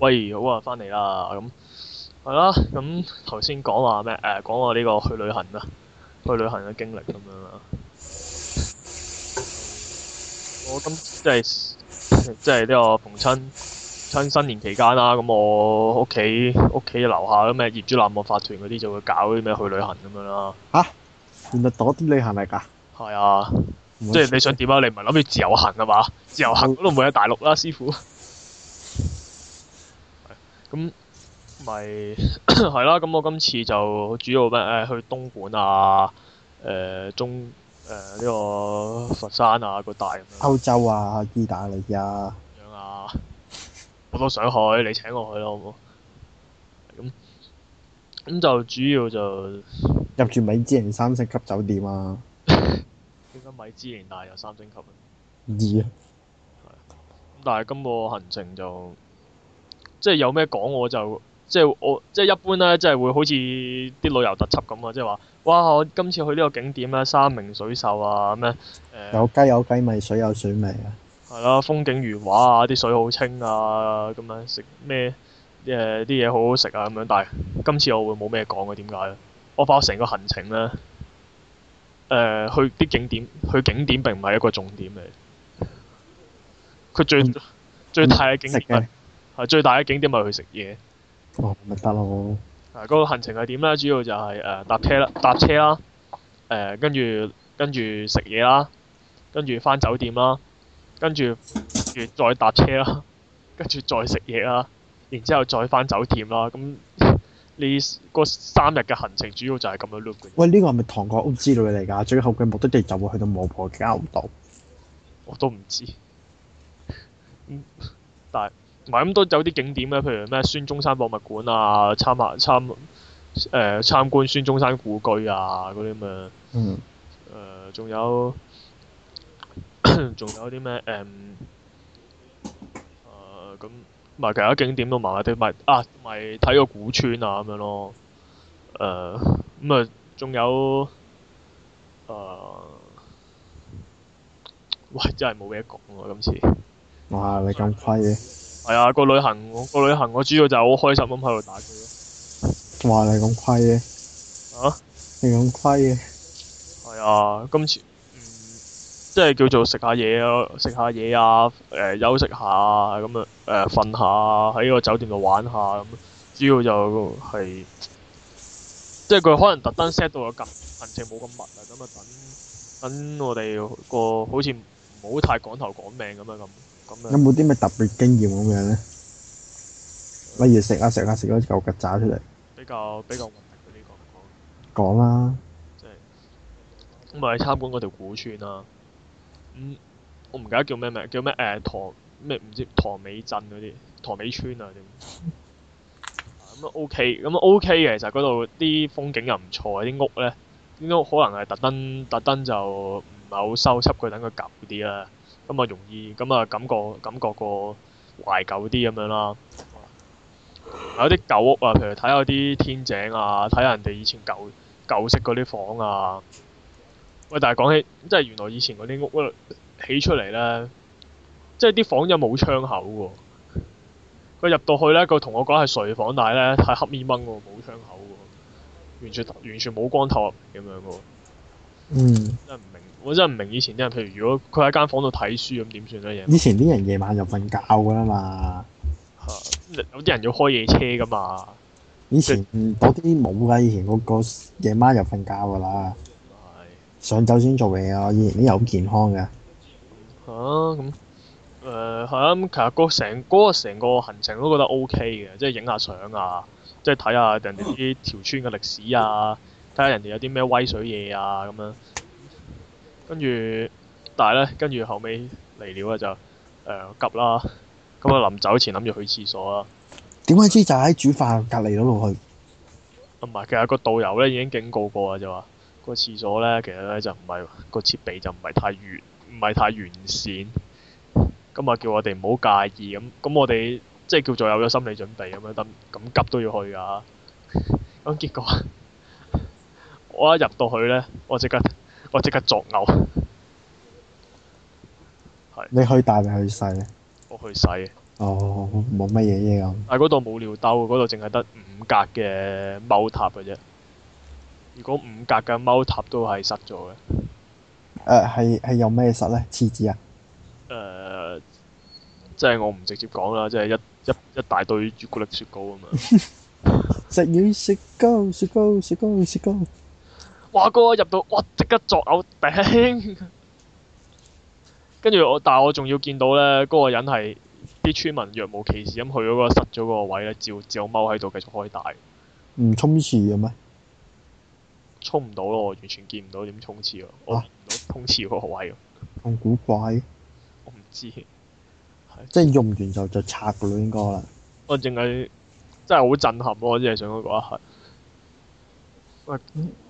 喂，好啊，翻嚟啦，咁係啦，咁頭先講話咩？誒、嗯，講話呢個去旅行啊，去旅行嘅經歷咁樣啦。我今即係即係呢個逢親親新年期間啦、啊，咁、嗯、我屋企屋企樓下咩業主南絡法團嗰啲就會搞啲咩去旅行咁樣啦、啊。吓、啊？原來多啲旅行嚟㗎？係啊，即係你想點啊？你唔係諗住自由行啊嘛？自由行嗰度唔會喺大陸啦、啊，師傅。咁咪係啦，咁、就是、 我今次就主要咩？誒，去東莞啊，誒、呃，中誒呢、呃這個佛山啊，個大歐洲啊，意大利嚟噶？咁樣啊，我都想去，你請我去咯，好唔好？咁咁 就主要就入住米芝蓮三星級酒店啊。點 解米芝蓮大有三星級？唔知啊。係。 咁但係今個行程就。即係有咩講我就，即係我即係一般咧，即係會好似啲旅遊特輯咁啊！即係話，哇！我今次去呢個景點咧，山明水秀啊，咩誒？呃、有雞有雞味，水有水味啊！係啦，風景如畫啊，啲水好清啊，咁樣食咩誒啲嘢好好食啊，咁樣。但係今次我會冇咩講嘅，點解？我發覺成個行程咧，誒、呃、去啲景點，去景點並唔係一個重點嚟。佢最、嗯、最大嘅景點、嗯。最大嘅景點，咪去食嘢。哦，咪得咯。係嗰、啊那個行程係點呢？主要就係誒搭車啦，搭車啦。誒、呃，跟住跟住食嘢啦，跟住翻酒店啦，跟住，再搭車啦，跟住再食嘢啦，然之後再翻酒店啦。咁呢三日嘅行程主要就係咁樣 loop 嘅。喂，呢、這個係咪唐國屋之旅嚟㗎？最後嘅目的地就會去到巫婆教堂。我都唔知。 但係。唔係咁，都有啲景點咧，譬如咩孫中山博物館啊，參下參誒參觀孫中山故居啊，嗰啲咁啊。嗯。誒、呃，仲有仲有啲咩誒？誒咁唔係其他景點都麻麻哋，咪，啊，咪，睇個古村啊咁樣咯。誒咁啊，仲有誒喂、呃，真係冇咩講喎，今次。哇！你咁快嘅啊。係啊，個旅行我、個旅行我主要就好開心咁喺度打機咯。話你咁虧嘅，你啊？你咁虧嘅。係啊，今次、嗯、即係叫做食下嘢啊，食下嘢啊，誒，休息下啊，咁啊，誒、呃，瞓下喺個酒店度玩下咁，主要就係、是、即係佢可能特登 set 到個行程冇咁密啊，咁啊，等等我哋個好似唔好太趕頭趕命咁樣咁。有冇啲咩特別經驗咁樣呢？例如食下食下食咗嚿曱甴出嚟。比較比較核突嗰啲講講。啦、就是。即係吧。咁咪去參觀嗰條古村啦、啊。咁、嗯、我唔記得叫咩名，叫咩誒唐咩唔知塘尾鎮嗰啲塘尾村啊點。咁啊、 嗯、OK，咁、嗯、啊 OK 嘅，其實嗰度啲風景又唔錯，啲屋呢啲屋可能係特登特登就唔係好修葺佢，等佢舊啲啦。咁啊容易，咁啊感覺感覺個懷舊啲咁樣啦。有啲舊屋啊，譬如睇下啲天井啊，睇下人哋以前舊舊式嗰啲房啊。喂，但係講起，即係原來以前嗰啲屋起出嚟呢，即係啲房又冇窗口喎。佢入到去呢，佢同我講係睡房但係呢，係黑咪掹喎，冇窗口喎，完全完全冇光透入嚟咁樣嘅喎。嗯。真係唔明。我真係唔明以前啲人，譬如如果佢喺間房度睇書咁，點算咧？以前啲人夜晚就瞓覺噶啦嘛，啊、有啲人要開夜車噶嘛以前就。以前嗰啲冇噶，的以前嗰個夜晚就瞓覺噶啦，上晝先做嘢啊！以前啲人好健康嘅。吓、呃、咁，誒吓咁，其實個成、嗰個成個行程都覺得 O K 嘅，即係影下相啊，即係睇下人哋啲條村嘅歷史啊，睇下人哋有啲咩威水嘢啊咁樣。跟住，但係咧，跟住後尾嚟料啦，就誒、呃、急啦。咁啊，臨走前諗住去廁所啦。點解知就喺煮飯隔離嗰度去？唔係，其實個導遊咧已經警告過嘅，就話個廁所咧，其實咧就唔係個設備就唔係太完，唔係太完善。咁啊，叫我哋唔好介意咁，咁我哋即係叫做有咗心理準備咁樣，咁咁急都要去噶。咁結果我一入到去咧，我即刻。我即刻作嘔。 是你可以大定去細？我去細。哦，冇乜嘢嘢咁。但嗰度冇尿兜，嗰度淨係得五格嘅踎塔嘅啫。如果五格嘅踎塔都係塞咗嘅。誒、呃，係係有咩塞咧？廁紙啊？誒、呃，即、就、係、是、我唔直接講啦，即、就、係、是、一一一大堆朱古力雪糕啊嘛。食完 雪糕，雪糕，雪糕，雪糕。哇！嗰、那個入到哇，即刻作嘔頂。跟住 我，但係我仲要見到咧，嗰、那個人係啲村民若無其事咁去咗個實咗個位咧，照照踎喺度繼續開大。唔沖廁嘅咩？沖唔到咯，我完全見唔到點沖廁咯，啊、我唔到沖廁嗰個位。咁古怪？我唔知，係即係用完就就拆噶咯，應該啦。我淨係真係好震撼咯，即係上嗰個一刻。喂。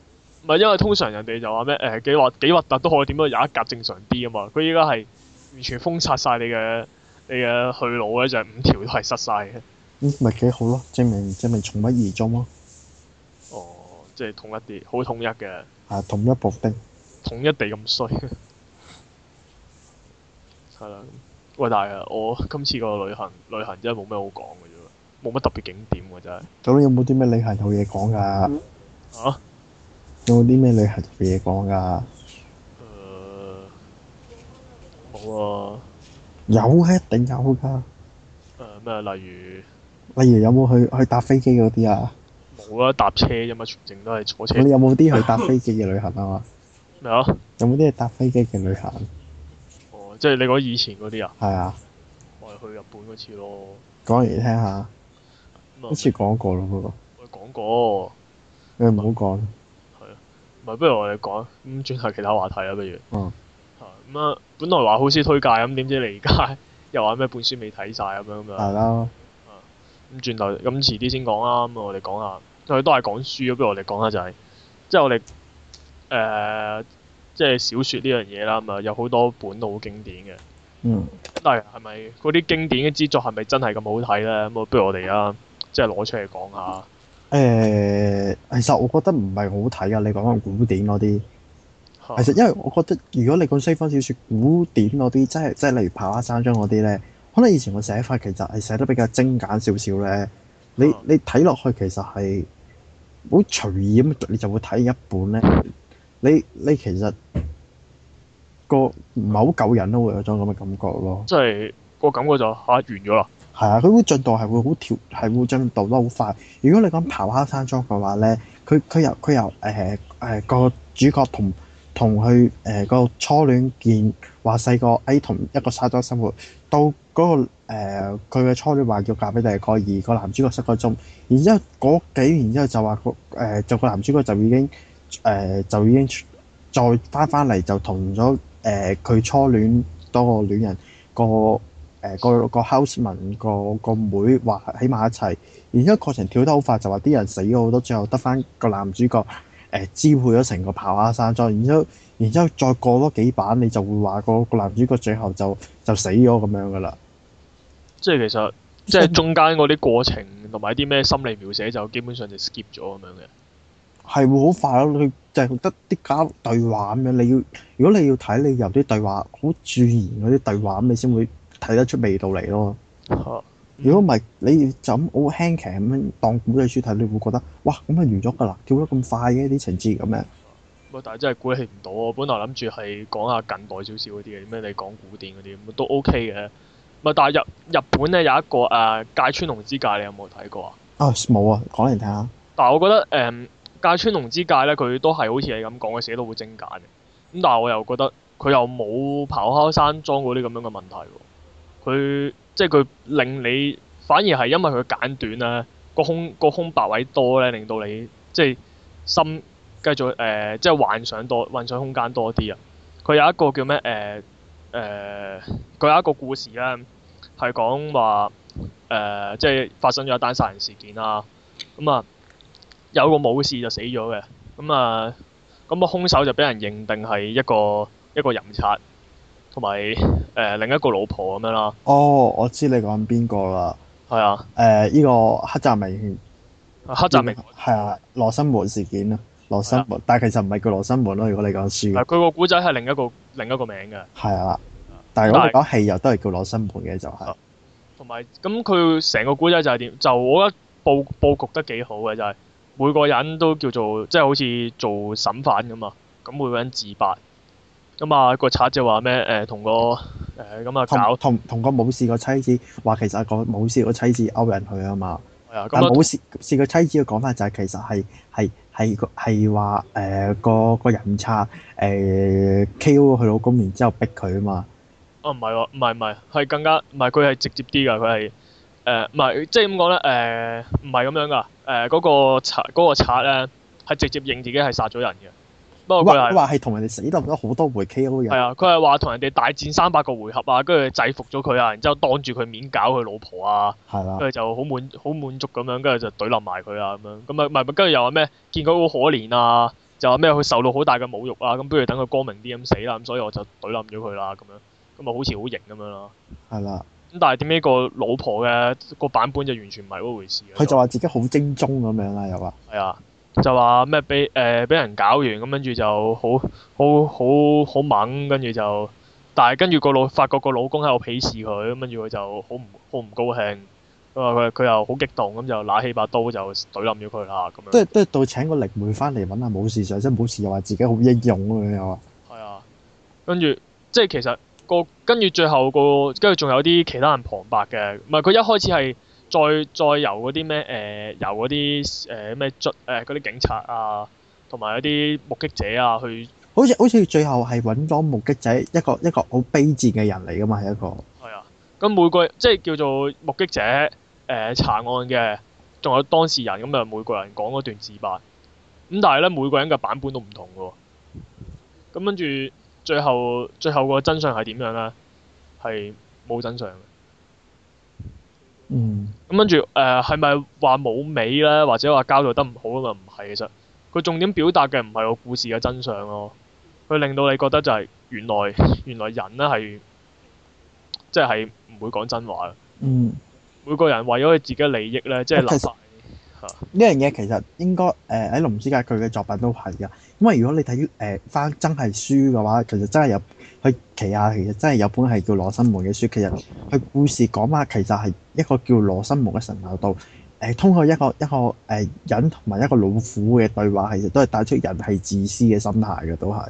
唔係，因為通常人哋就話咩，誒幾核幾核突都可以點樣有一格正常啲啊嘛？佢依家係完全封殺晒你嘅你嘅去路咧，就係五條都係塞晒嘅。嗯、欸，咪幾好咯？證明證明從一而終咯、啊。哦，即係統一啲，好統一嘅。係統一部兵，統一地咁衰。係啦、啊。 喂，但係我今次個旅行旅行真係冇咩好講嘅啫，冇乜特別景點嘅真係。咁你有冇啲咩旅行套嘢講㗎？啊？有冇啲咩旅行嘅嘢講噶？誒，冇啊！有嘅、啊啊，一定有噶、啊。誒咩、啊？例如，例如有冇去去搭飛機嗰啲啊？冇啊，搭車啫嘛全程都係坐車。你有冇啲去搭飛機嘅旅行啊？咩啊 麼？有冇啲去搭飛機嘅旅行？哦，即係你講以前嗰啲啊？係啊。我哋去日本嗰次咯。講嚟聽，聽下。好似有講，講，講過咯，嗰個。講的那 過。你唔好講。不如我哋講，咁轉頭其他話題啦，不如。嗯。嚇，咁啊，本來話好書推介，咁點知你而家又話咩本書未睇晒咁樣咁、嗯、啊？係啊。咁轉頭咁遲啲先講啦。咁我哋講下，佢都係講書啊。不如我哋講下就係、是，即、就、係、是、我哋誒，即、呃、係、就是、小説呢樣嘢啦。咁啊，有好多本都好經典嘅。嗯。但係，係咪嗰啲經典嘅之作係咪真係咁好睇咧？咁啊，不如我哋啊，即係攞出嚟講下。誒、欸，其實我覺得唔係好睇噶。你講翻古典嗰啲，啊、其實因為我覺得，如果你講西方小説古典嗰啲，即係即係例如《柏拉山章》嗰啲咧，可能以前個寫法其實係寫得比較精簡少少咧。你你睇落去其實係好隨意咁，你就會睇一本咧。你你其實個唔係好夠人都會有種咁嘅感覺咯，即係、個感覺就嚇、啊、完咗啦。係啊，佢會進度係會好調，係會進度都好快。如果你講《咆哮山莊》嘅話咧，佢佢由佢由誒誒、呃呃呃、個主角同同佢誒個初戀見，話細個 A 同一個山莊生活，到嗰、那個佢嘅、呃、初戀話要嫁俾第二個男主角失咗蹤，然之後嗰幾年之後就話個誒就個男主角就已經誒、呃、就已經再翻翻嚟就同咗誒佢初戀多個戀人、那個。誒個個 houseman 個個妹話喺埋一齊，然之後過程跳得好快，就話啲人死咗好多，最後得翻個男主角誒、呃、支配咗成個跑馬山莊。然之後，然之後再過多幾版，你就會話個個男主角最後就就死咗咁樣噶啦。即係其實即係中間嗰啲過程同埋啲咩心理描寫，就基本上 sk 就 skip 咗咁樣嘅。係會好快咯，佢就係得啲交對話咁樣。你要如果你要睇，你有啲對話好自然嗰啲對話咁，你先會。睇得出味道嚟咯。如果唔係，嗯、要你就咁好輕騎咁樣當古仔書睇，你會覺得哇咁係完咗㗎啦，跳得咁快嘅啲情節咁樣。咪但係真係估你唔到啊！到我本來諗住係講下近代少少嗰啲嘅，咩你講古典嗰啲咁都 OK 嘅。咪但係日日本咧有一個誒芥川龍之介，你有冇睇過啊？啊冇啊，講嚟睇下。但係我覺得誒芥川龍之介咧，佢都係好似你咁講嘅，寫到好精簡嘅。咁但係我又覺得佢又冇咆哮山莊嗰啲咁樣嘅問題喎。佢即係佢令你反而係因為佢簡短啦，個空個空白位多咧，令到你即係心繼續誒，即係、呃、幻想多、幻想空間多啲啊！佢有一個叫咩誒誒，佢、呃呃、有一個故事咧，係講話誒，即係發生咗一單殺人事件啦，咁、嗯、啊，有個武士就死咗嘅，咁、嗯、啊，咁、嗯、啊，兇手就俾人認定係一個一個淫賊。同埋誒另一個老婆咁樣啦。哦，我知你講緊邊個啦。係啊。誒、呃，呢、這個黑澤明。黑澤明。係啊，羅生門事件啊，羅生門，啊、但係其實唔係叫羅生門咯。如果你講書。佢個古仔係另一個另一個名嘅。係啊。但係我哋講戲又都係叫羅生門嘅就係。同埋咁，佢成個古仔就係點？就我覺得佈佈局得幾好嘅就係、是、每個人都叫做即係、就是、好似做審犯咁啊！咁每個人自白。咁啊，個賊就話咩？誒，同個誒，咁啊，同同同個武士個妻子話，其實個武士個妻子勾人佢啊嘛。係啊，武士士、呃，個妻子嘅講法就係其實係係係個係話誒個個人賊誒 KO 佢老公，然之後逼佢啊嘛。哦、啊，唔係喎，唔係唔係，係更加唔係佢係直接啲㗎，佢係誒唔係即係咁講咧誒，唔係咁樣㗎誒，嗰、呃嗰個嗰個賊嗰、嗰個賊咧係直接認自己係殺咗人嘅。不過佢話：佢係同人哋死鬥咗好多回合嘅。係啊，佢係話同人哋大戰三百個回合啊，跟住制服咗佢啊，然之後當住佢面搞佢老婆啊，跟住、啊、就好滿好滿足咁樣、啊、咁樣，跟住就懟冧埋佢啊咁樣。咁啊，唔係，跟住又話咩？見佢好可憐啊，就話咩？佢受到好大嘅侮辱啊，咁不如等佢光明啲咁死啦。咁所以我就懟冧咗佢啦咁樣。咁啊，好似好型咁樣咯。係啦。咁但係點解個老婆嘅、這個版本就完全唔係嗰回事？佢就話自己好精忠咁樣啦，又話。係啊。就話咩俾誒俾人搞完，咁跟住就好好好好猛，跟住就，但係跟住個老發覺個老公喺度鄙視佢，咁跟住佢就好唔好唔高興，佢話佢佢又好激動，咁就揦起把刀就懟冧咗佢啦咁樣。即係都係到請個靈媒翻嚟揾下，冇事就真係冇事，又話自己好英勇咁樣啊。係啊，跟住即係其實個跟住最後個跟住仲有啲其他人旁白嘅，唔係佢一開始係。再再由嗰啲咩誒，由嗰啲誒，咩誒誒嗰啲警察啊，同埋嗰啲目擊者啊去，好似好似最後係揾咗目擊者一個一個好卑賤嘅人嚟噶嘛，係一個，係啊，咁每個即係叫做目擊者誒、呃、查案嘅，仲有當事人咁啊、嗯，每個人講嗰段自白，咁但係咧，每個人嘅版本都唔同嘅喎。咁跟住最後最後個真相係點樣咧？係冇真相。嗯，咁跟住誒係咪話冇尾咧，或者話交代得唔好咁啊？唔係，其實佢重點表達嘅唔係個故事嘅真相咯、哦，佢令到你覺得就係、是、原來原來人咧係，即係唔會講真話啊！嗯，每個人為咗佢自己利益咧，即係立法。呢、啊、樣嘢，其實應該誒喺龍之介，佢嘅作品都係噶，因為如果你睇、誒、呃、翻真係書嘅話，其實真係有佢旗下其實真係有本係叫《羅生門》嘅書。其實佢故事講翻，其實係一個叫羅道道《羅生門》嘅神廟度，誒通過一個一個誒、呃、人同埋一個老虎嘅對話，其實都係帶出人係自私嘅心態嘅，都係。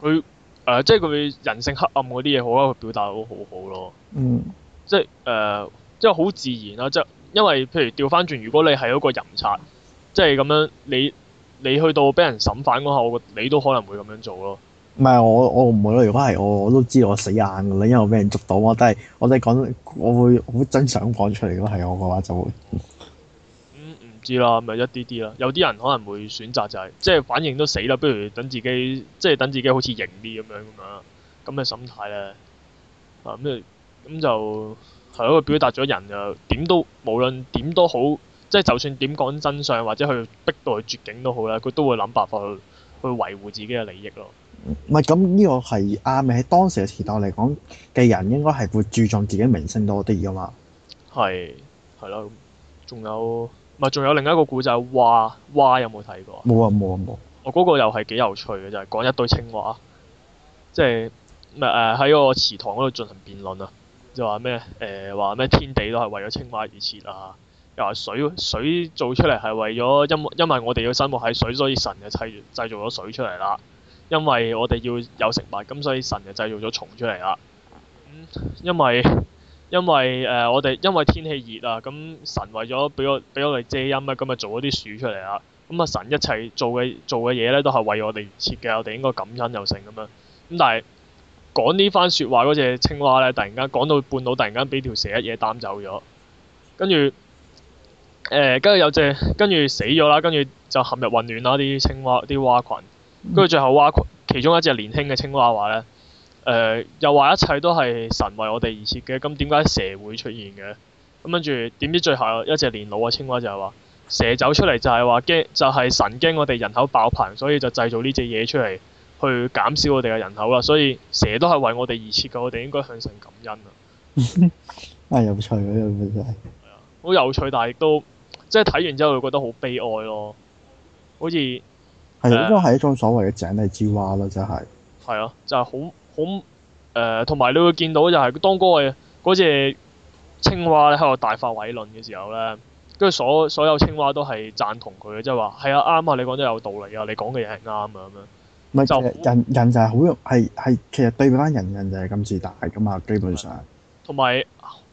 佢、呃、誒即係佢人性黑暗嗰啲嘢，好啦佢表達到好好咯。嗯，即係誒、呃、即係好自然啦，即係。因為譬如調翻轉，如果你係一個淫賊，即係咁樣，你你去到俾人審犯嗰下，我覺你都可能會咁樣做咯。唔係我我唔會咯，如果係我，我都知我死硬噶啦，因為我俾人捉到嘛。但係我都係講，我會好真實咁講出嚟咯。係我嘅話就會、嗯。唔知啦，咪、就是、一啲啲啦。有啲人可能會選擇就係、是，即係反應都死啦，不如等自己，即係等自己好似型啲咁樣咁啊，咁嘅心態咧。啊、嗯，咁咁就。係咯，佢表達咗人就點都，無論點都好，即係就算點講真相或者去逼到佢絕境都好咧，佢都會諗辦法去去維護自己嘅利益咯。唔係咁呢個係啱嘅，喺當時嘅時代嚟講嘅，人應該係會注重自己名聲多啲噶嘛。係係咯，仲有唔係，仲有另一個古仔，蛙蛙有冇睇過？冇啊冇啊冇！我嗰、啊嗰個又係幾有趣嘅，就係講一堆青蛙，即係唔係喺個祠堂嗰度進行辯論啊。就話咩？誒話咩？呃、天地都係為咗青蛙而設啊！又話水水做出嚟係為咗因因為我哋要生活喺水，所以神就製製造咗水出嚟啦。因為我哋要有食物，咁所以神就製造咗蟲出嚟啦。咁、嗯、因為因為誒、呃、我哋因為天氣熱啊，咁、嗯、神為咗俾我俾我哋遮陰啊，咁咪做咗啲樹出嚟啦。咁、嗯、啊神一切做嘅做嘅嘢咧，都係為我哋而設嘅，我哋應該感恩又成咁樣。咁、嗯、但係，講呢番說話嗰隻青蛙呢，突然間講到半路，突然間俾條蛇一嘢擔走咗，跟住誒，跟、呃、住有隻跟住死咗啦，跟住就陷入混亂啦。啲青蛙、啲蛙群，跟住最後蛙羣其中一隻年輕嘅青蛙話呢，誒、呃，又話一切都係神為我哋而設嘅，咁點解蛇會出現嘅？咁跟住點知最後有一隻年老嘅青蛙就係話：蛇走出嚟就係話驚，就係、是、神驚我哋人口爆棚，所以就製造呢隻嘢出嚟。去減少我哋嘅人口啦，所以蛇都係為我哋而設嘅，我哋應該向神感恩啊！啊， 有趣啊，呢樣嘢真係好有趣，但係亦都即係睇完之後會覺得好悲哀咯，好似係因為係一種所謂嘅井底之蛙咯，真係係咯，就係好好誒，同埋、呃、你會見到就係當嗰個隻青蛙喺度大發偉論嘅時候咧，跟住所有所有青蛙都係贊同佢嘅，即係話係啊，啱啊，你講得有道理啊，你講嘅嘢係啱啊咁樣。咪就人人就係好用，係其實對翻人人就係咁自大噶嘛，基本上。同埋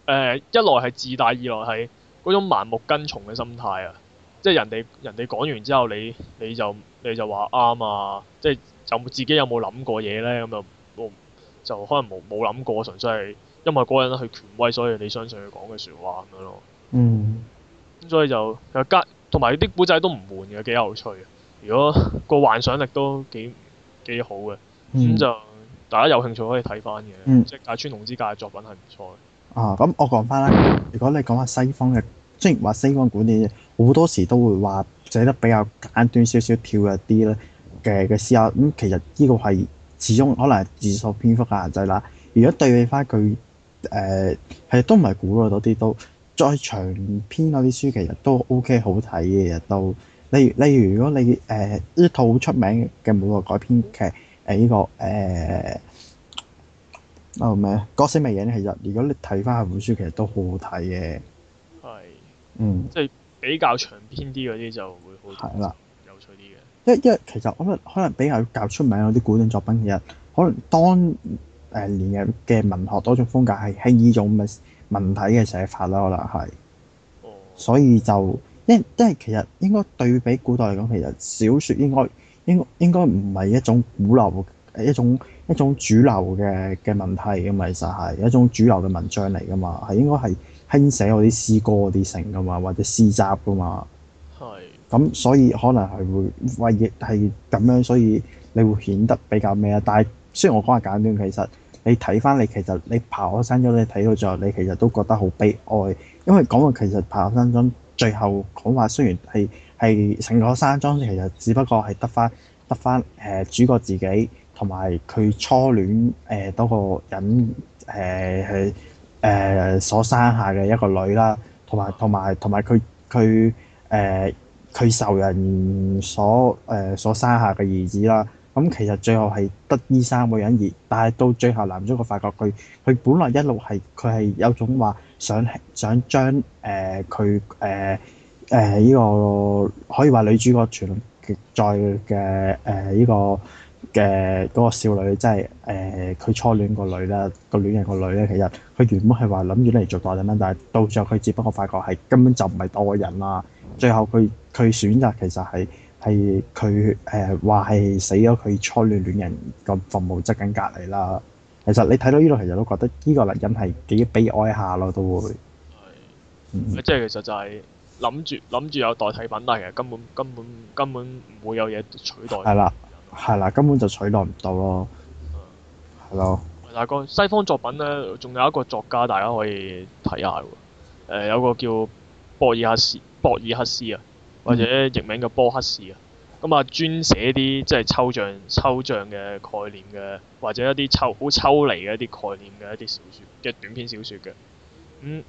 誒一來係自大，二來係嗰種盲目跟從嘅心態啊，即係人哋人哋講完之後，你你就你就話啱啊，即係有冇自己有冇諗過嘢咧？咁就就可能冇冇諗過，純粹係因為嗰個人係權威，所以你相信佢講嘅説話咁樣咯。嗯。咁所以就同埋啲古仔都唔悶嘅，幾有趣。如果個幻想力都幾～幾好嘅，咁、嗯、就大家有興趣可以睇翻嘅，嗯、即係芥川龍之介嘅作品係唔錯嘅。啊，咁我講翻啦，如果你講下西方嘅，雖然話西方古典好多時都會話寫得比較簡短少少，跳一啲咧嘅嘅書啊，咁、嗯、其實呢個係始終可能字數篇幅限制啦。如果對比翻佢誒，係、呃、都唔係古老啲，都再長篇嗰啲書其實都 O、OK, K 好睇嘅都。例如，例如如果你誒呢、呃、套出名嘅每個改編劇誒、呃這個呃、呢個誒嗰個咩啊《哥斯影》其實，如果你睇翻下本書，其實都好好睇嘅。係是。嗯。即係比較長篇啲嗰啲就會好睇啦的。有趣啲嘅。因為因為其實可能可能比較比較出名嗰啲古典作品其、就、實、是、可能當誒、呃、連日嘅文學多種風格係係呢種咁嘅文體嘅寫法啦，可能係。哦、所以就。因即係其實應該對比古代嚟講，其實小説應該應該應該唔係一,一,一種主流，一種一種主流嘅嘅問題啊。其實係一種主流嘅文章嚟噶嘛，係應該係興寫嗰啲詩歌嗰啲成噶嘛，或者詩集噶嘛。係咁是、嗯，所以可能係會為亦係咁樣，所以你會顯得比較咩啊？但係雖然我講話簡短，其實你睇翻你其實你爬山咗，你睇到之後你其實都覺得好悲哀，因為講到其實爬山。最後講話，雖然係係成個山莊，其實只不過係得返得返誒主角自己，同埋佢初戀誒嗰個人誒佢誒所生下嘅一個女啦，同埋同埋同埋佢佢誒佢仇人所誒所生下嘅兒子啦。咁其實最後係得依三個人而，但係到最後男主角發覺佢佢本來一路係佢係有種話想想將誒佢誒誒依個可以話女主角存在嘅誒依個嘅嗰、呃這個少女，即係誒佢初戀個女啦，個戀人個女咧，其實佢原本係話諗住嚟做代人，但係到最後佢只不過發覺係根本就唔係多個人啦。最後佢佢選擇其實係。係佢誒話係死咗佢初戀戀人個服務質緊隔離啦。其實你睇到呢度，其實都覺得呢個男人係幾悲哀下咯，都會。係。即係其實就係諗住諗住有代替品，但係其實根本根本根本唔會有嘢取代。係啦。係啦，根本就取代唔到咯。係咯、嗯。大哥啦，西方作品咧，仲有一個作家大家可以睇下喎、呃。有個叫博爾赫斯，博爾赫斯啊。或者譯名嘅波克士啊，咁、嗯、啊專寫啲即係抽象抽象嘅概念嘅，或者一啲抽好抽離嘅一啲概念嘅一啲小説嘅短篇小説嘅，咁、嗯、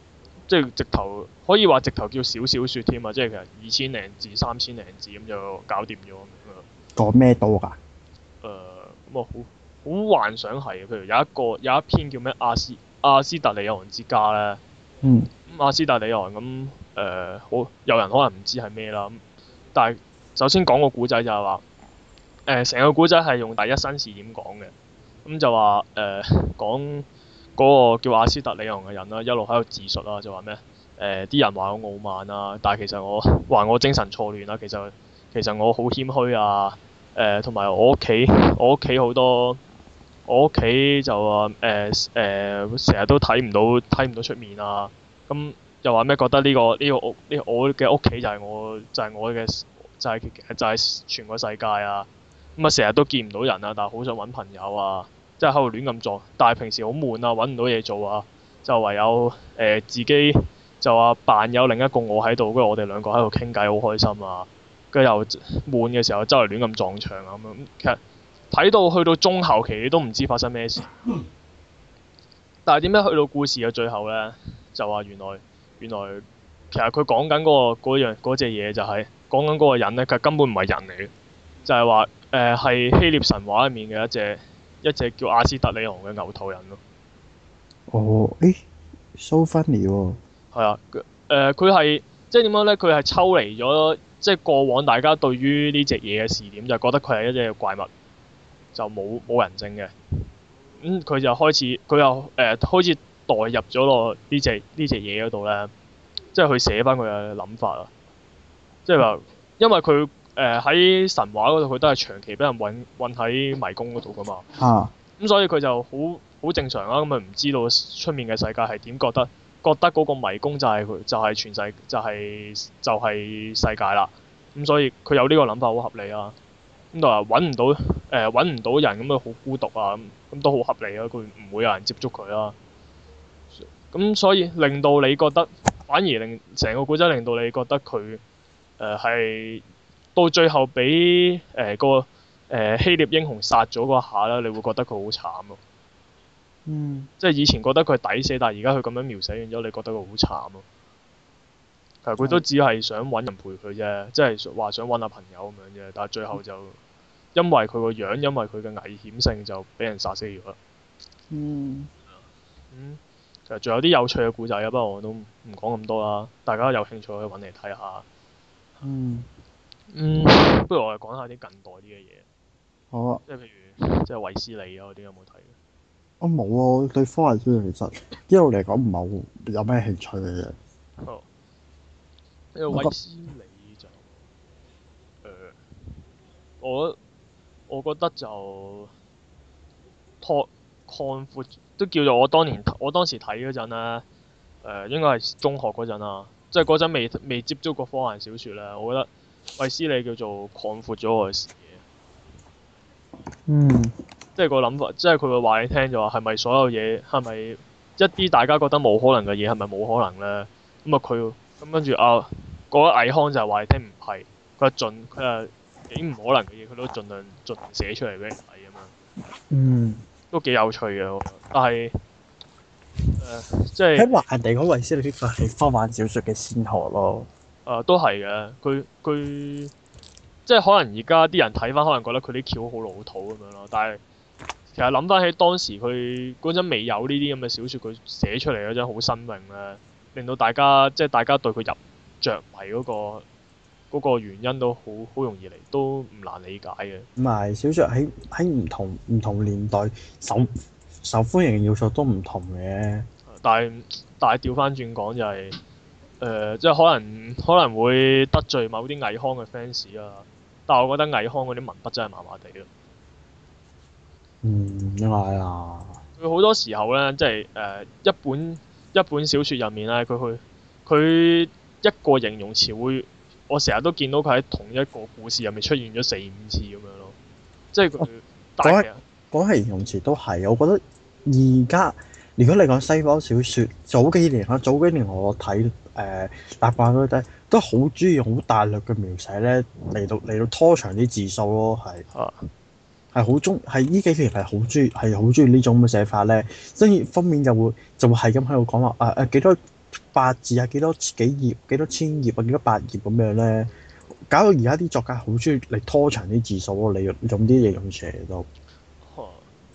即係直頭可以話直頭叫小小説添啊，即係其實二千零字三千零字咁就搞掂咗啊！講咩多㗎？誒咁啊，好好、呃、幻想係啊，譬如有一個有一篇叫咩阿斯阿斯特里昂之家咧，嗯，咁阿斯特里昂咁。誒、呃、好，有人可能唔知係咩啦，但係首先講故、呃、個古仔就係話，成個古仔係用第一身視點講嘅，咁、嗯、就話誒、呃、講嗰個叫阿斯特里昂嘅人啦、啊，一路喺度自述啦、啊，就話咩？啲、呃、人話我傲慢啊，但係其實我話我精神錯亂啊，其實其實我好謙虛啊，同、呃、埋我屋企，我屋企好多，我屋企就話誒誒成日都睇唔到睇唔到出面啊，咁、嗯。又話咩？覺得呢、這個呢、這個屋呢、這個、我嘅屋企就係我就係、是、我嘅就係、是、就係、是就是、全個世界啊！咁、嗯、啊，成日都見唔到人啊，但係好想揾朋友啊，即係喺度亂咁撞。但係平時好悶啊，揾唔到嘢做啊，就唯有誒、呃、自己就話扮有另一個我喺度，跟住我哋兩個喺度傾偈，好開心啊！跟住又悶嘅時候，周圍亂咁撞牆啊咁樣、嗯。其實睇到去到中後期，都唔知發生咩事、啊。但係點解去到故事嘅最後呢？就話原來。原來其實佢講緊嗰個嗰樣嗰隻嘢就係講緊嗰個人呢。佢根本唔係人嚟嘅，就係話誒係希臘神話入面嘅一隻一隻叫阿斯特里昂嘅牛頭人咯。哦，誒、欸，蘇芬尼喎。係啊，誒佢係即係點樣呢？佢係抽離咗即係過往大家對於呢隻嘢嘅視點，就覺得佢係一隻怪物，就冇冇人性嘅。咁、嗯、佢就開始，佢又誒、呃、開始。代入咗落呢隻呢隻嘢嗰度呢，即係佢寫翻佢嘅諗法啊，即係話，因為佢誒喺神話嗰度，佢都係長期俾人揾揾喺迷宮嗰度噶嘛，咁、啊嗯、所以佢就好好正常啦。咁啊唔知道出面嘅世界係點覺得，覺得嗰個迷宮就係、是、就係、是、全世界就係、是、就係、是、世界啦。咁、嗯、所以佢有呢個諗法好合理啊。咁就話揾唔到誒揾唔到人，咁啊好孤獨啊，咁、嗯嗯、都好合理啊。佢唔會有人接觸佢啦。咁、嗯、所以令到你覺得，反而令成個古仔令到你覺得佢，誒、呃、係到最後俾誒、呃、個誒、呃、希臘英雄殺咗嗰下啦，你會覺得佢好慘啊！嗯、即係以前覺得佢係抵死，但係而家佢咁樣描寫完咗，你覺得佢好慘、啊、其實佢都只係想揾人陪佢啫，即係話想揾下朋友咁樣啫，但係最後就因為佢個樣，因為佢嘅危險性，就俾人殺死咗啦。嗯。嗯。其實仲有啲有趣嘅故仔啊，不過我都唔講咁多啦。大家有興趣可以揾嚟睇下。看看嗯。嗯，不如我哋講下啲近代啲嘅嘢。好啊。即係譬如，即係衛斯理啊嗰啲有冇睇？我冇、哦、啊，對科幻書其實一路嚟講唔係好有咩興趣嘅啫。哦、啊。呢、這個衛斯理就，誒、那個呃，我，我覺得就拓擴闊。Talk, comfort, 都叫做我當年我當時睇嗰陣咧，誒、呃、應該係中學嗰陣啊，即係嗰陣未未接觸過科幻小説呢。我覺得衛斯理叫做擴闊咗我嘅視野。嗯。即係個諗法，即係佢會話你聽，就話係咪所有嘢係咪一啲大家覺得冇可能嘅嘢係咪冇可能呢？咁啊佢咁跟住啊嗰個倪匡就係話你聽唔係，佢盡佢啊幾唔可能嘅嘢，佢都盡量盡量寫出嚟俾你睇啊嘛。咁樣嗯。都幾有趣嘅，但係誒、呃，即係喺華人地方維斯呢啲係科幻小説嘅先河咯。誒、呃，都係嘅。佢佢即係可能而家啲人睇翻，可能覺得佢啲橋好老土咁樣咯。但係其實諗翻起當時佢嗰陣未有呢啲咁嘅小説，佢寫出嚟嗰陣好新穎啦，令到大家即係大家對佢入着迷嗰、那個。嗰個原因都好好容易嚟，都唔難理解嘅。唔係，小説喺喺唔同唔同年代受受歡迎嘅要素都唔同嘅。但係但係調翻轉講就係、是、誒，即、呃、係、就是、可能可能會得罪某啲倪匡嘅 fans 啊。但我覺得倪匡嗰啲文筆真係麻麻地咯。嗯，點解啊？佢好多時候咧，即係誒一本一本小説入面咧，佢去佢一個形容詞會。我成日都見到佢喺同一個故事入面出現咗四五次咁樣咯，即係佢，啊，講講形容詞都係，我覺得而家如果你講西方小説，早幾年啦，早幾年我睇誒《呃、哥哥哥大怪哥都好鍾意用好大量嘅描寫咧，嚟到嚟到拖長啲字數咯，係係好中係呢幾年係好鍾意係好鍾意呢種咁嘅寫法咧，所以封面就會就會係咁喺度講話誒誒幾多。八字啊，幾多幾頁，幾多千頁啊，幾多百頁咁樣咧？搞到而家啲作家好鍾意嚟拖長啲字數咯，嚟用啲嘢用蛇都、啊、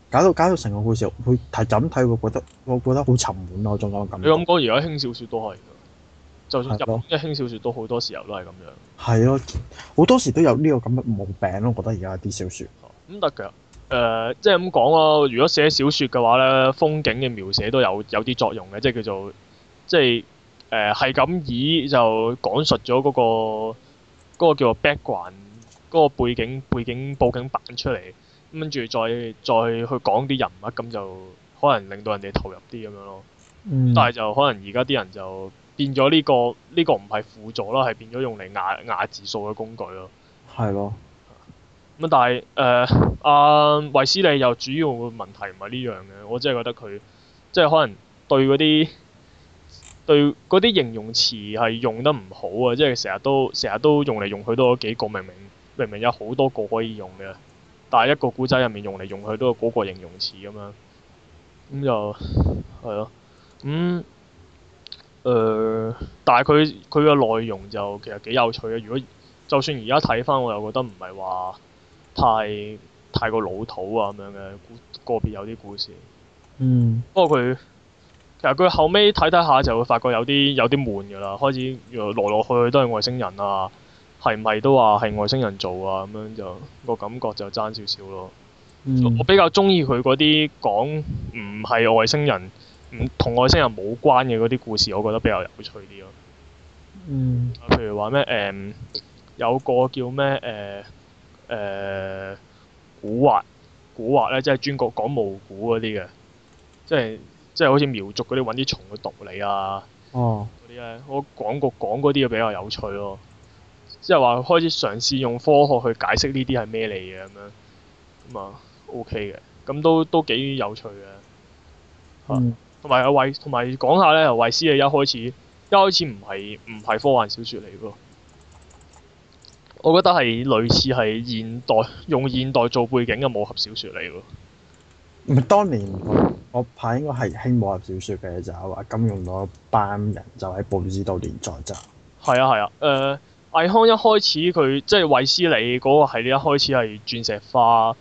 搞到搞到成個故事，佢睇就咁睇，會覺得我覺得好沉悶啊，種咁感覺。你咁講，而家輕小說都係，就算日本嘅輕小說都好多時候都係咁樣。係咯、啊，好多時都有呢個咁嘅毛病咯。我覺得而家啲小説咁得嘅誒，即係咁講咯。如果寫小説嘅話咧，風景嘅描寫都有有啲作用嘅，即係叫做。即係誒，係咁以就講述咗嗰個嗰個，叫做 background 嗰個背景，背景布景板出嚟，跟住再再去講啲人物，咁就可能令到人哋投入啲咁樣咯。嗯、但係就可能而家啲人就變咗呢個呢個唔係輔助啦，係變咗用嚟壓壓字數嘅工具咯。係咯的。咁但係誒，阿衛斯理又主要嘅問題唔係呢樣嘅，我只係覺得佢即係可能對嗰啲。對嗰啲形容詞係用得唔好啊！即係成日都成日都用嚟用去都嗰幾個，明明明明有好多個可以用嘅，但係一個古仔入面用嚟用去都係嗰個形容詞咁樣。咁、嗯、就係咯，咁誒、啊嗯呃，但係佢佢嘅內容就其實幾有趣啊！如果就算而家睇翻，我又覺得唔係話太太過老土啊咁樣嘅，個別有啲故事。嗯。不過佢。但係佢後尾睇睇下就會發覺有啲有啲悶噶啦，開始又來來去去都係外星人啊，係唔係都話係外星人做啊，咁樣就個感覺就爭少少咯。我比較中意佢嗰啲講唔係外星人，唔同外星人冇關嘅嗰啲故事，我覺得比較有趣啲咯、嗯啊。譬如話咩誒，有個叫咩誒誒古惑古惑咧，即係專國講講無古嗰啲嘅，即係。即係好似苗族嗰啲揾啲蟲去毒你啊！嗰啲咧，我講過講嗰啲嘢比較有趣咯、哦。即係話開始嘗試用科學去解釋呢啲係咩嚟嘅咁樣，咁、嗯、啊 OK 嘅，咁都都幾有趣嘅。同埋阿衛同埋講下呢，阿衛斯嘅一開始，一開始唔係唔係科幻小説嚟嘅。我覺得係類似係現代用現代做背景嘅武俠小説嚟嘅。唔係當年。我排應該係興武俠小説嘅，就係話金庸嗰班人就喺報紙度連載咋。係啊係啊，誒、啊，倪匡一開始佢即係衛斯理嗰個系列一開始係《鑽石花》、《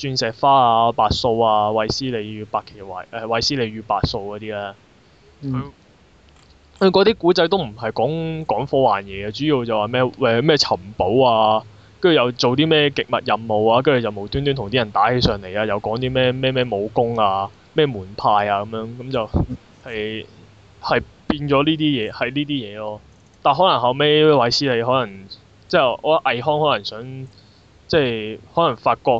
鑽石花》啊、《白素》啊、衛斯理與白奇懷、誒、呃、衛斯理與白素嗰啲咧。嗯。佢嗰啲古仔都唔係講講科幻嘢嘅，主要就話咩誒咩尋寶啊，跟住又做啲咩極密任務啊，跟住就無端端同啲人打起上嚟啊，又講啲咩咩咩武功啊～咩門派啊咁樣，咁就係係變咗呢啲嘢，係呢啲嘢咯。但可能後尾衛斯理可能即係我覺得倪匡可能想即係、就是、可能發覺科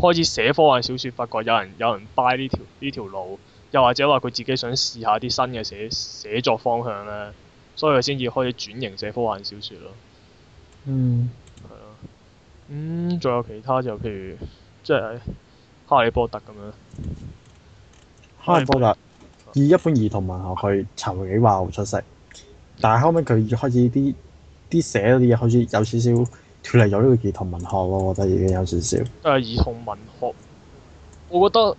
開始寫科幻小説，發覺有人有人 buy 呢條呢條路，又或者話佢自己想試下啲新嘅寫寫作方向咧，所以佢先至開始轉型寫科幻小説咯。嗯。係啊。嗯，仲有其他就譬如即係《就是、哈利波特》咁樣。開多啦，以一般兒童文學去籌幾話好出色，但係後尾佢開始啲啲寫嗰啲嘢，開始有少少脫離咗呢個兒童文學咯，我覺得已經有少少、啊。誒兒童文學，我覺得誒、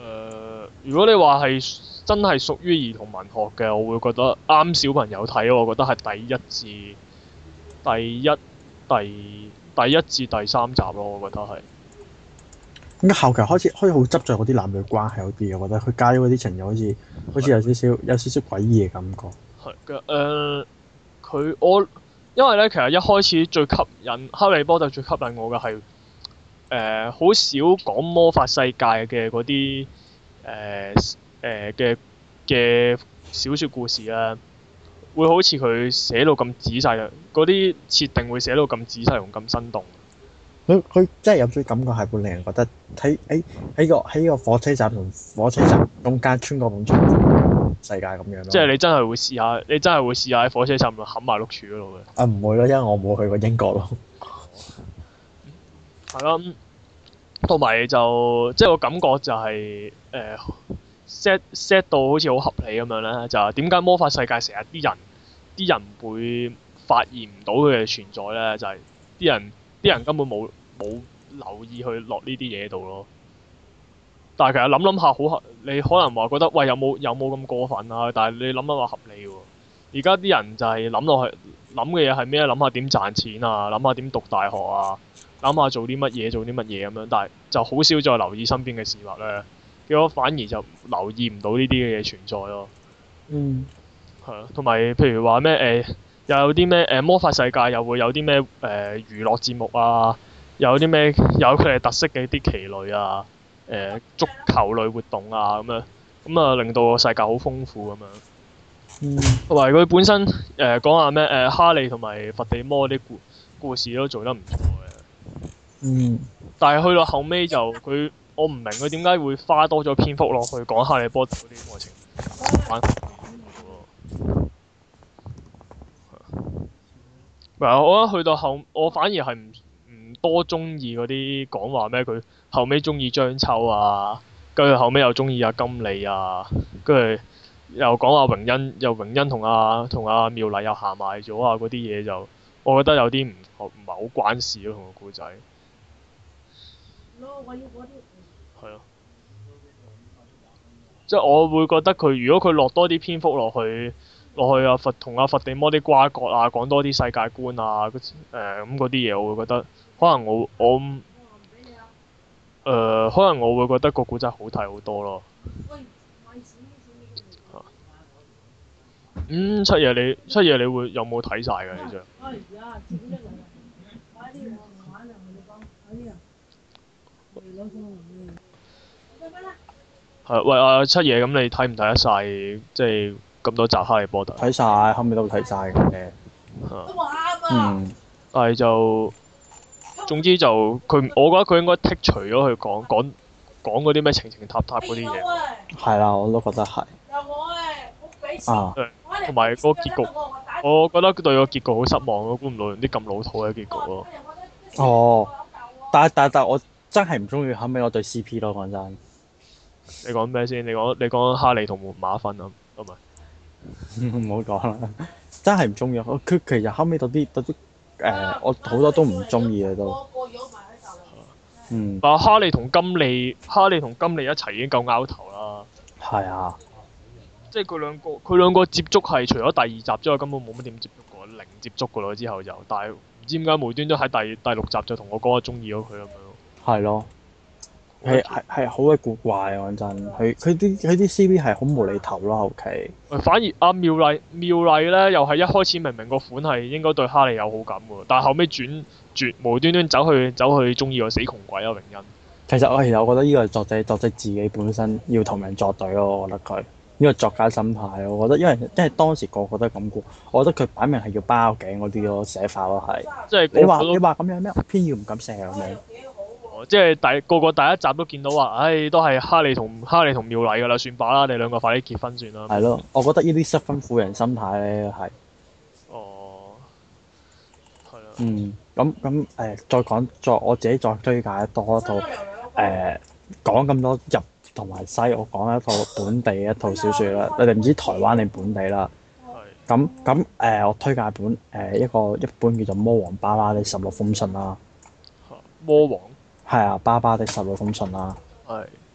呃、如果你話係真係屬於兒童文學嘅，我會覺得啱小朋友睇，我覺得係第一至第一第第一至第三集咯，我覺得係。咁後期開,開始開以好執着嗰啲男女關係嗰啲，我覺得佢加咗嗰啲情友，好似好似有少少有少少詭異嘅感覺。係嘅，誒、呃，佢我因為咧，其實一開始最吸引《哈利波特》最吸引我嘅係誒，好、呃、少講魔法世界嘅嗰啲誒誒嘅嘅小説故事啊，會好似佢寫到咁仔細，嗰啲設定會寫到咁仔細同咁生動。佢佢真係有種感覺係會令人覺得喺喺喺個喺個火車站同火車站中間穿過本場世界咁樣咯。即係你真係會試下，你真係會試下喺火車站度冚埋碌柱嗰度嘅。啊唔會咯，因為我冇去過英國咯、嗯。係、嗯、咯，同埋就即係我感覺就係誒 set set 到好似好合理咁樣咧，就係點解魔法世界成日啲人啲人會發現唔到佢嘅存在咧？就係、是、啲人。啲人根本冇冇留意去落呢啲嘢度咯，但係其實諗諗下好你可能話覺得喂有冇有冇咁過分啊？但係你諗一話合理喎。而家啲人就係諗落去諗嘅嘢係咩？諗下點賺錢啊，諗下點讀大學啊，諗下做啲乜嘢做啲乜嘢咁樣，但係就好少再留意身邊嘅事物咧。結果反而就留意唔到呢啲嘅嘢存在咯。嗯。係啊，同埋譬如話咩誒？呃又有啲咩誒，魔法世界又會有啲咩誒，娛樂節目啊？有啲咩有佢哋特色嘅啲棋類啊？誒、呃、足球類活動啊咁樣，咁啊令到個世界好豐富咁樣。嗯。同埋佢本身誒、呃、講下咩誒、呃、哈利同埋伏地魔啲故故事都做得唔錯嘅。嗯。但係去到後尾就佢，我唔明佢點解會花多咗篇幅落去講哈利波特嗰啲愛情故事。唔係，我覺得去到後，我反而係唔唔多中意嗰啲講話咩？佢後尾中意張秋啊，跟住後尾又中意阿金麗啊，跟住又講阿榮恩又榮恩同阿同阿妙麗又行埋咗啊，嗰啲嘢就，我覺得有啲唔唔係好關事咯，同個故仔。係啊。即係我會覺得佢，如果佢落多啲篇幅落去。落去啊佛同阿佛地魔啲瓜葛啊，講多啲世界觀啊，誒咁嗰啲嘢我會覺得，可能我我誒、呃、可能我會覺得個古仔好睇好多咯。嗯，七夜你，七夜你七夜，你會有冇睇晒㗎？你就係喂啊七夜，咁你睇唔睇得晒？即係。咁多集哈利波特睇晒，後尾都睇晒嘅。啊、嗯，但係就總之就佢，我覺得佢應該剔除咗佢講講講嗰啲咩情情塔塔嗰啲嘢。係啦喂，我都覺得係。同埋、啊、個結局，我覺得對個結局好失望，估唔到啲咁老土嘅結局咯。哦，但但但，但但我真係唔中意後尾我對 C P 咯講真你。你講咩先？你講你講哈利同換馬分啊？係咪？唔好講啦，真係唔中意。佢其實後尾到啲到啲誒，我好多都唔中意嘅都。嗯。但、啊、哈利同金利，哈利同金利一齊已經夠拗頭啦。係啊。即係佢兩個，佢兩個接觸係除咗第二集之外，根本冇乜點接觸過，零接觸過啦。之後就，但係唔知點解無端端喺第第六集就同我哥中意咗佢咁樣。係咯。係係係好鬼古怪啊！講真，佢佢啲佢啲 C V 係好無厘頭咯，後期。反而阿妙麗妙麗咧，又係一開始明明個款係應該對哈利有好感嘅，但係後尾轉絕無端端走去走去中意個死窮鬼啊！榮恩。其實我其實我覺得呢個作者作者自己本身要同人作對咯，我覺得佢呢個作家心態，我覺得因為即係當時個個都咁估，我覺得佢擺明係要包頸嗰啲咯，寫法咯係。即係說都你話你話咁樣咩？Opinion，我偏要唔敢寫你。即係第個個第一集都見到話，唉、哎，都係哈利同哈利同妙麗噶啦，算罷啦，你兩個快啲結婚算啦。係咯，我覺得呢啲失分婦人心態係。哦，係咯。嗯，咁咁誒，再講，再我自己再推介多一套誒，講咁、呃、多入同埋西，我講一套本地嘅一套小說啦。 你哋唔知台灣定本地啦。咁咁誒，我推介本誒、呃、一個一本叫做《魔王巴啦》。嘅《十六封信》啦。魔王, function, 魔王。係啊，爸爸的十六封信啦，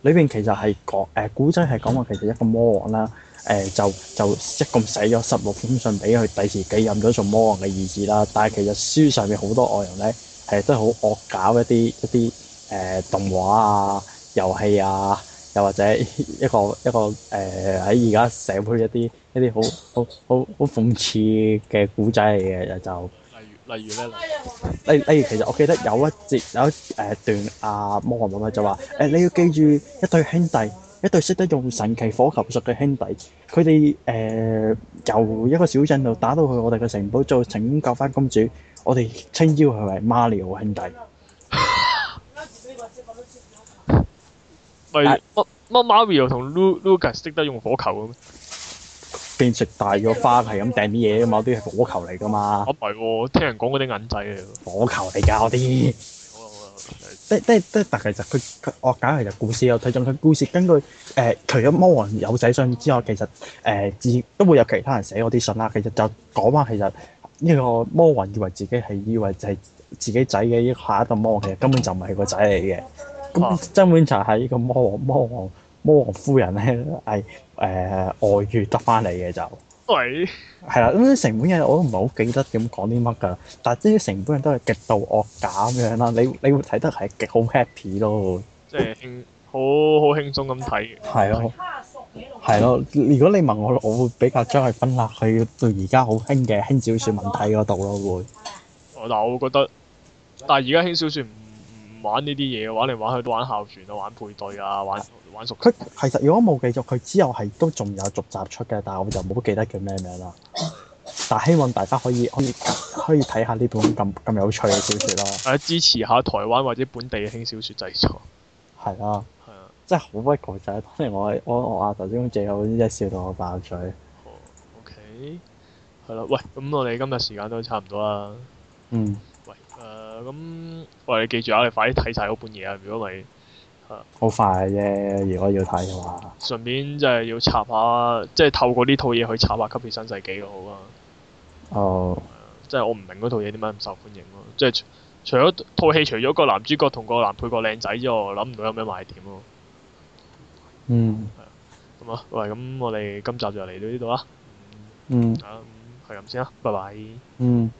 裏面其實係講，誒古仔，係講話其實一個魔王啦，誒、呃、就就一共寫咗十六封信俾佢，第時繼任咗做魔王嘅意志啦。但係其實書上面好多內容咧都係好惡搞一啲一啲誒、呃、動畫啊、遊戲啊，又或者一個一個誒喺而家社會一啲一啲好好好好諷刺嘅古仔嚟嘅就。例如咧，例例如，其實我記得有一節有一誒段啊，魔王咪就話，誒你要記住一對兄弟，一對識得用神奇火球術嘅兄弟，佢哋誒由一個小鎮度打到去我哋嘅城堡，就成功救翻公主。我哋稱之佢為 Mario 兄弟。咪乜乜 Mario 同 Luigi 佢係識得用火球嘅咩？食大咗花係咁掟啲嘢，噶嘛，啲係火球嚟噶嘛我 我。我唔係，聽人講嗰啲銀仔啊。火球嚟噶嗰啲，即即即但其實佢惡搞其就故事啊，睇中佢故事。根據誒、呃、除咗魔王有仔相之外，其實誒、呃、自都會有其他人寫我啲信啦。其實就講翻其實呢個魔王以為自己係以為就係自己仔嘅呢下一個魔王，其實根本就唔係個仔嚟嘅。咁曾婉茶係呢個魔王，魔王魔王夫人咧係。誒外遇得翻嚟嘅就係係啦，咁啲成本嘢我都唔係好記得點講啲乜㗎，但係啲成本嘢都係極度惡搞咁樣啦。你你會睇得係極好 happy 咯，即係好好輕鬆咁睇。係咯，係咯。如果你問我，我會比較將佢分落去到而家好興嘅輕小說文體嗰度咯。會，哦、但係我會覺得，但係而家輕小說唔。玩呢啲嘢嘅，玩嚟玩去都玩校園啊，玩配對啊，玩玩熟。佢其實如果冇記錯，佢之後係都仲有續集出嘅，但係我就冇記得叫咩名啦。但係希望大家可以可以可以睇下呢本咁咁有趣嘅小說啦。係啊，支持下台灣或者本地嘅輕小說製作。係啊，係啊。真係好鬼改仔，當年我我我阿頭先咁正，呢一笑到我爆嘴。好 OK。係咯，喂，咁我哋今日時間都差唔多啦。嗯。誒，咁、呃、喂，記住啊，你快啲睇晒嗰本嘢啊！如果咪好快嘅啫，如果要睇嘅話，順便即係要插下，即係透過呢套嘢去插下《吸血新世紀》咯，好啊。哦，即係我唔明嗰套嘢點解唔受歡迎咯，即係除咗套戲，除咗個男主角同個男配角靚仔之外，諗唔到有咩賣點咯。嗯。咁啊，喂，咁我哋今集就嚟到呢度啊。嗯。啊，係咁先啦，拜拜。嗯。嗯嗯。